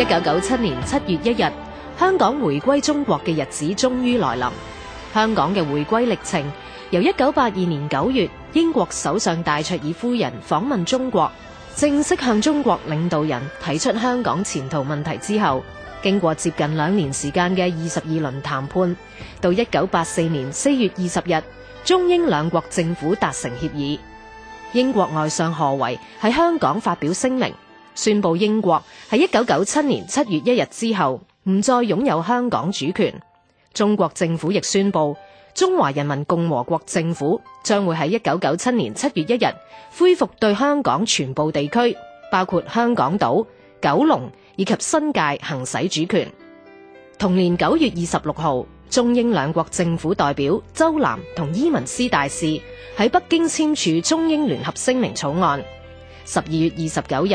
一九九七年七月一日，香港回歸中國嘅日子終於來臨。香港嘅回歸歷程，由一九八二年九月英國首相戴卓爾夫人訪問中國，正式向中國領導人提出香港前途問題之後，經過接近兩年時間嘅二十二輪談判，到一九八四年四月二十日，中英兩國政府達成協議。英國外相賀維喺香港發表聲明。宣布英國喺一九九七年七月一日之後唔再擁有香港主權。中國政府亦宣布，中華人民共和國政府將會喺一九九七年七月一日恢復對香港全部地區，包括香港島、九龍以及新界行使主權。同年九月二十六號，中英兩國政府代表周南同伊文斯大使喺北京簽署中英聯合聲明草案。十二月二十九日，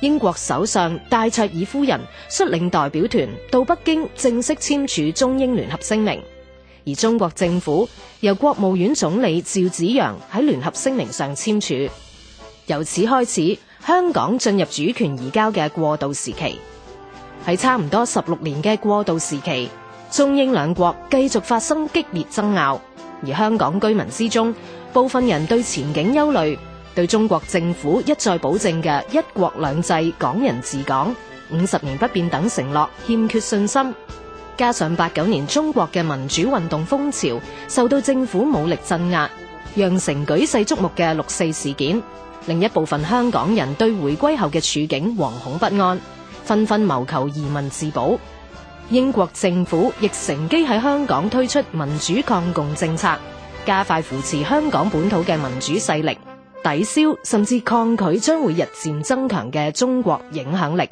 英國首相戴卓爾夫人率領代表團到北京正式簽署中英聯合聲明，而中國政府由國務院總理趙紫陽喺聯合聲明上簽署。由此開始，香港進入主權移交嘅過渡時期，喺差唔多十六年嘅過渡時期，中英兩國繼續發生激烈爭拗，而香港居民之中，部分人對前景憂慮。對中國政府一再保證嘅“一國兩制”、“港人治港”、“五十年不變”等承諾欠缺信心，加上八九年中國嘅民主運動風潮受到政府武力鎮壓，釀成舉世矚目嘅六四事件，令一部分香港人對回歸後嘅處境惶恐不安，紛紛謀求移民自保。英國政府亦乘機喺香港推出民主抗共政策，加快扶持香港本土嘅民主勢力。抵消，甚至抗拒將會日漸增強嘅中國影響力。